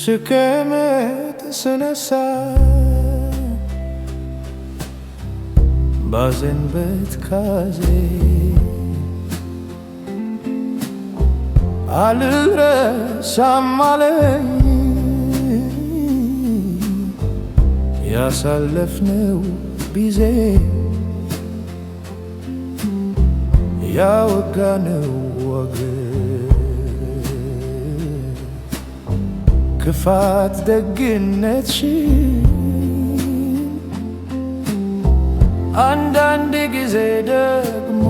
ስቀመጥ ስነሳ ባዘንበት ካዜ አልረሳም አለኝ ያሳለፍነው ጊዜ ያወጋነው ወግ ክፋት ደግነትሽን አንዳንድ ጊዜ ደግሞ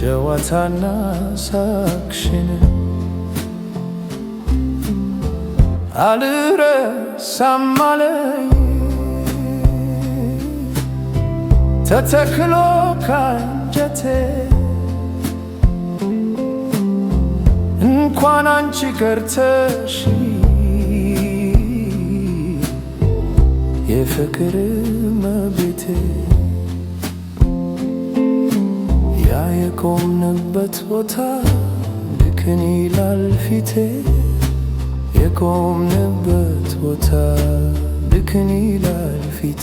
ጨዋታና ሳቅሽን አልረሳም አለኝ ተተክሎ ካንጀቴ እንኳን አንቺ ቀርተሽ የፍቅር መቤቴ ያ የቆምንበት ቦታ ልክን ይላል ፊቴ የቆምንበት ቦታ ድክን ይላል ፊቴ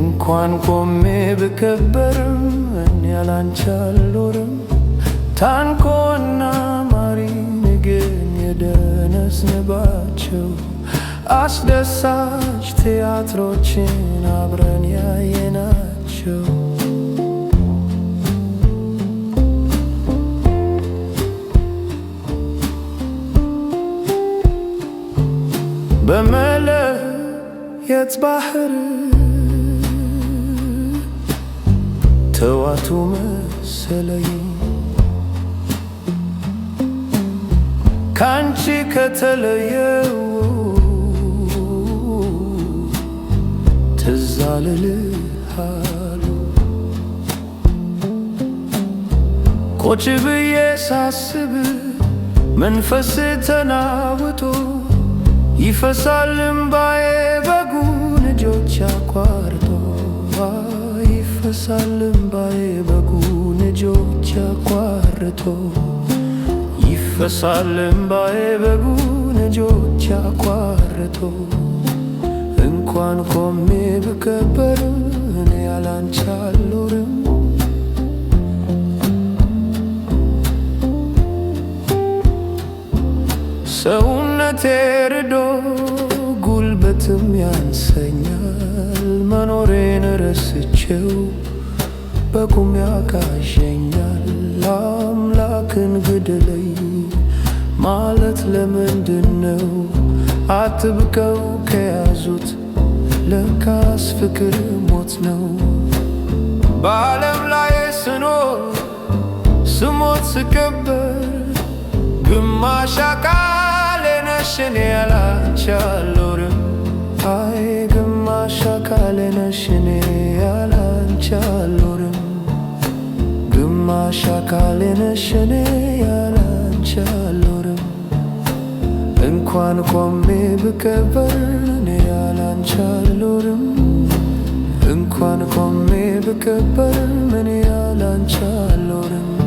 እንኳን ቆሜ ብከበርም እኔ ያላንቺ አልኖርም ታንቆን አዝንባቸው አስደሳች ቲያትሮችን አብረን ያየናቸው በመለየት ባህር ተዋቱ መሰለኝ ካንቺ ከተለየው ትዝ አልልህ ቆጭ ብዬ ሳስብ መንፈስ ተናውጦ ይፈሳል እምባዬ በጉን እጆች አቋርጦ ይፈሳል እምባዬ በጉን እጆች አቋርጦ ይፈሳል እምባዬ በጉን እጆች ያቋርጡ እንኳን ቆሜ ብከበር እኔ ያላንቺ አልኖርም። ሰውነቴ ርዶ ጉልበትም ያንሰኛል መኖሬን ረስቼው በቁም ያቃዠኛል አምላክን ለምንድን ነው አጥብቀው ከያዙት? ለካስ ፍቅር ሞት ነው። በዓለም ላይ ስኖር ስሞት ስከበር ግማሽ አካሌ ነሽ እኔ ያላንቺ አይ ግማሽ አካሌ ነሽ እኔ ግማሽ አካሌ ነሽ እኔ እንኳን ቆሜ ብቀበር እኔ ያላንቺ አልኖርም። እንኳን ቆሜ ብቀበር እኔ ያላንቺ አልኖርም።